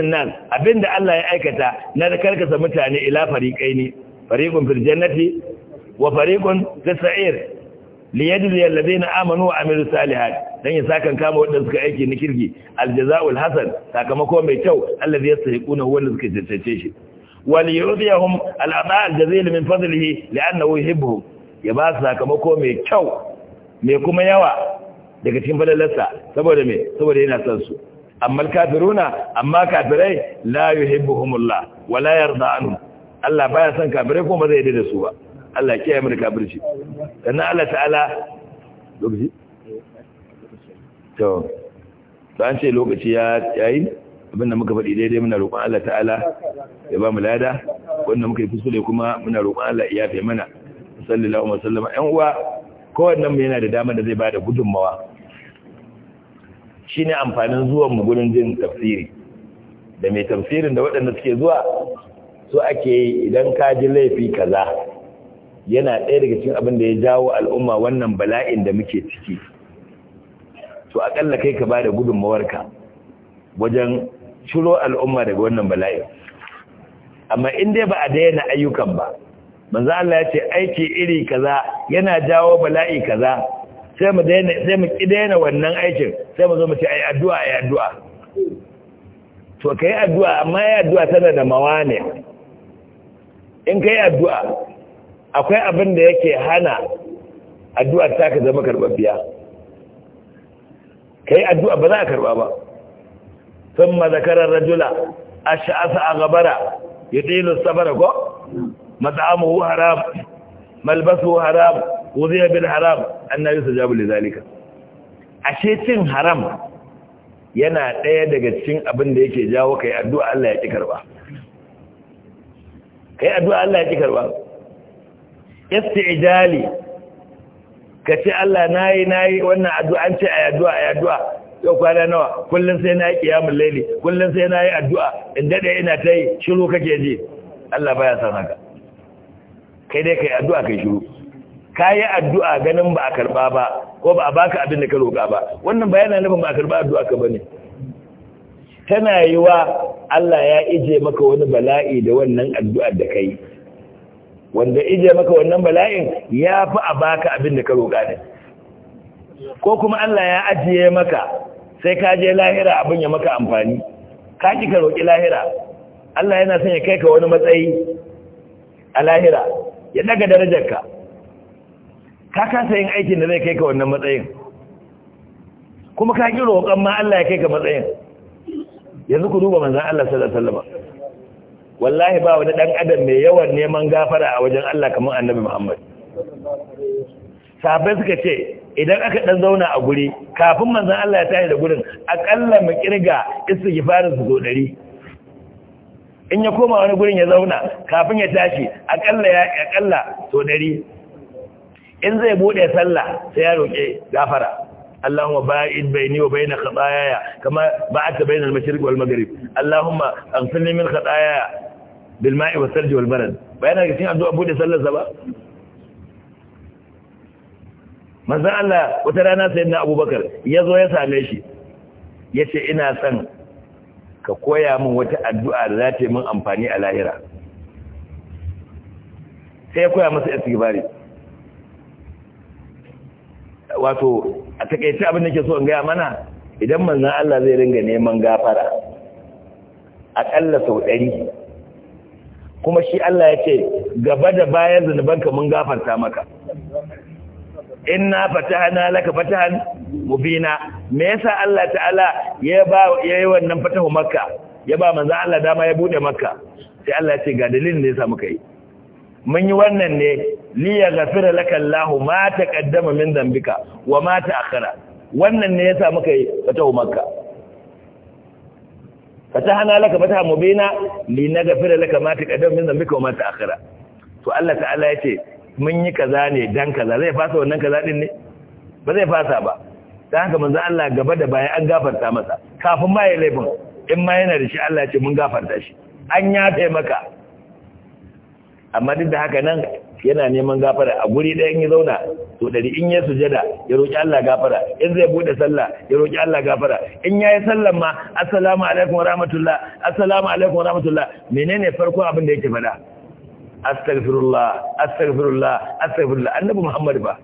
nan abinda Allah ya aikata na da karkasa mutane ila fariƙai ne fariƙun fil wa fariƙun fis sa'ir li amanu wa amiru salihat dan ya sakan kama wadda suka aiki na kirki aljazaul hasan sakamako mai kyau alladhi yastahiquna wanda suka cancace shi wal yudhihum al'ata aljazil min fadlihi li'annahu yuhibbuhum ya ba sakamako mai kyau mai kuma yawa daga cikin falalarsa saboda me saboda yana son su amma kafiruna amma kafirai la yuhibbuhumullah wa la yarda anhum Allah baya son kafirai kuma zai yarda da su ba Allah kiyaye mu da kafirci sannan Allah ta'ala lokaci to to an ce lokaci ya yayi da muka faɗi daidai muna roƙon Allah ta'ala ya ba mu lada wanda muka yi kuskure kuma muna roƙon Allah ya yafe mana sallallahu alaihi wasallam ɗan uwa kowannen mu yana da dama da zai bada gudunmawa shine amfanin zuwan mu gurin jin tafsiri da mai tafsirin da waɗanda suke zuwa su ake yi idan ka ji laifi kaza yana ɗaya daga cikin abin da ya jawo al'umma wannan bala'in da muke ciki to aƙalla kai ka ba bada gudunmawarka wajen ciro al'umma daga wannan bala'in amma in dai ba a daina ayyukan ba manzo Allah ya ce aiki iri kaza yana jawo bala'i kaza sai mu daina sai mu ki daina wannan aikin sai mu zo mu ci ai addu'a ai addu'a to kai addu'a amma ai addu'a tana da mawane in kai addu'a akwai abin da yake hana addu'a ta ka zama karbabbiya kai addu'a ba za a karba ba thumma zakara rajula gabara ya yutilu sabara ko matsamu haram malbasu haram wuziya bil haram an na annabi sajabu lidhalika ashe cin haram yana ɗaya daga cikin abin da yake jawo kai addu'a Allah ya ki karba kai addu'a Allah ya ki karba isti'jali kace Allah nayi nayi wannan addu'a an ce ayi addu'a ayi addu'a yau kwana nawa kullun sai nayi qiyamul layli kullun sai nayi addu'a in dade ina tayi shiru kake ji Allah baya san haka kai dai kai addu'a kai shiru ka yi addu'a ganin ba a karɓa ba ko ba a baka abin da ka roƙa ba wannan ba yana nufin ba a karɓa addu'a ka ba ne tana yi wa Allah ya ije maka wani bala'i da wannan addu'ar da ka yi wanda ije maka wannan bala'in ya fi a baka abin da ka roƙa ne ko kuma Allah ya ajiye maka sai ka je lahira abin ya maka amfani ka ki ka roƙi lahira Allah yana son ya kai ka wani matsayi a lahira ya daga darajarka ka kasa yin aikin da zai kai ka wannan matsayin kuma ka ƙi roƙon ma Allah ya kai ka matsayin yanzu ku duba manzan Allah sallallahu alaihi wasallam wallahi ba wani ɗan adam mai yawan neman gafara a wajen Allah kamar annabi Muhammad sabai suka ce idan aka dan zauna a guri kafin manzan Allah ya tashi da gurin akalla mu kirga istighfarin su so ɗari. in ya koma wani gurin ya zauna kafin ya tashi akalla ya akalla to in zai bude sallah sai ya roke gafara Allahumma ba'id baini wa baina khataayaya kama ba'adta baina al-mashriq wal maghrib Allahumma aghfirli min khataayaya bil ma'i was salji wal barad bayana ga cikin addu'a bude sallar sa ba manzon Allah wata rana sayyidina Abubakar yazo ya same shi yace ina san ka koya min wata addu'a da za ta yi min amfani a lahira sai ya koya masa istighfari wato a takaice abin da ke so in gaya mana idan manzan Allah zai ringa neman gafara aƙalla sau ɗari kuma shi Allah ya ce gaba da bayan zunubanka mun gafarta maka inna fatahana laka fatahan mubina me yasa Allah ta'ala ya ba yayi wannan fatahu makka ya ba manzan Allah dama ya bude makka sai Allah ya ce ga dalilin da yasa muka yi mun yi wannan ne liya gafira laka Allah ma taqaddama min dhanbika wa ma ta'akhkhara wannan ne yasa muka yi fatahu makka hana laka fataha mubina li naghfira laka ma taqaddama min dhanbika wa ma ta'akhkhara to Allah ta'ala yace mun yi kaza ne dan kaza zai fasa wannan kaza din ne ba zai fasa ba dan haka manzo Allah gaba da baya an gafarta masa kafin ma ya laifin in ma yana da shi Allah ya ce mun gafarta shi an ya taimaka amma duk da haka nan yana neman gafara a guri ɗayan ya zauna to ɗari in ya sujada ya roƙi Allah gafara in zai buɗe sallah ya roƙi Allah gafara in ya yi sallan ma assalamu alaikum wa rahmatullah assalamu alaikum wa rahmatullah menene farkon abin da yake faɗa astaghfirullah astaghfirullah astaghfirullah annabi muhammad ba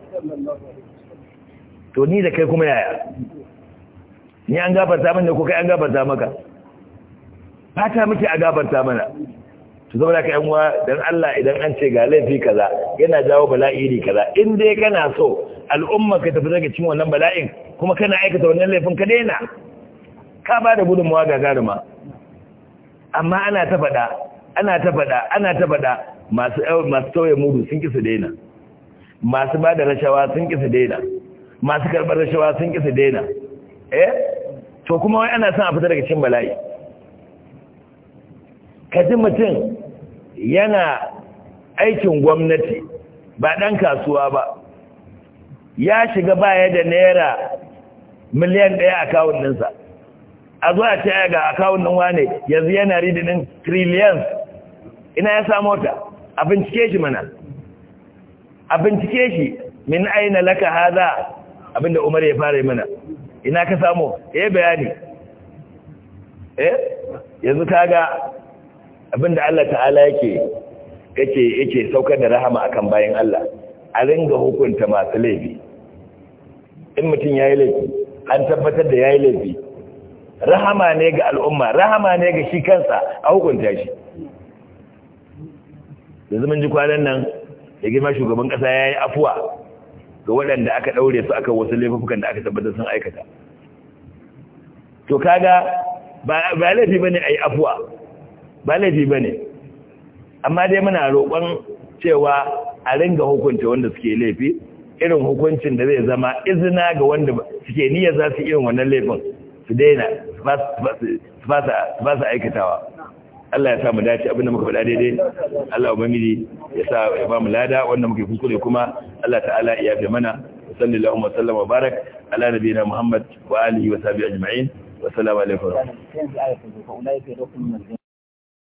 to ni da kai kuma yaya ni an gafarta min ne ko kai an gafarta maka fata muke a gafarta mana to zo da ka yan uwa dan Allah idan an ce ga laifi kaza yana jawo bala'i ne kaza in dai kana so al'umma ka tafi daga cikin wannan bala'in kuma kana aikata wannan laifin ka daina ka ba da gudunmawa gagaruma amma ana ta faɗa ana ta faɗa ana ta faɗa masu masu tauye mudu sun ki su daina masu ba da rashawa sun ki su daina masu karɓar rashawa sun ki su daina eh to kuma wai ana son a fita daga cikin bala'i ka ji mutum yana aikin gwamnati ba ɗan kasuwa ba ya shiga baya da naira miliyan ɗaya a kawuninsa a zuwa ce ya ga akawunin wane yanzu yana ridinin trillions ina ya samu ta a bincike shi mana a bincike shi min aina laka haza abinda umar ya fara mana ina ka samu ya eh, bayani eh yanzu ka ga Abin da Allah ta'ala yake yake yake saukar da rahama akan bayan Allah a ringa hukunta masu laifi in mutum yayi laifi an tabbatar da yayi laifi rahama ne ga al'umma rahama ne ga shi kansa a hukunta shi yanzu mun ji kwanan nan da girma shugaban kasa yayi afuwa ga waɗanda aka daure su aka wasu laifukan da aka tabbatar sun aikata to kaga ba laifi bane ayi afuwa ba laifi ba ne amma dai muna roƙon cewa a ringa hukunta wanda suke laifi irin hukuncin da zai zama izina ga wanda suke niyyar za su irin wannan laifin su daina su ba su aikatawa Allah ya sa mu dace abinda muka faɗa daidai Allah ubangiji ya sa ya ba mu lada wanda muke kuskure kuma Allah ta'ala ya fi mana sallallahu wa sallama barak ala nabiyina Muhammad wa alihi wa sahbihi ajma'in wa assalamu alaikum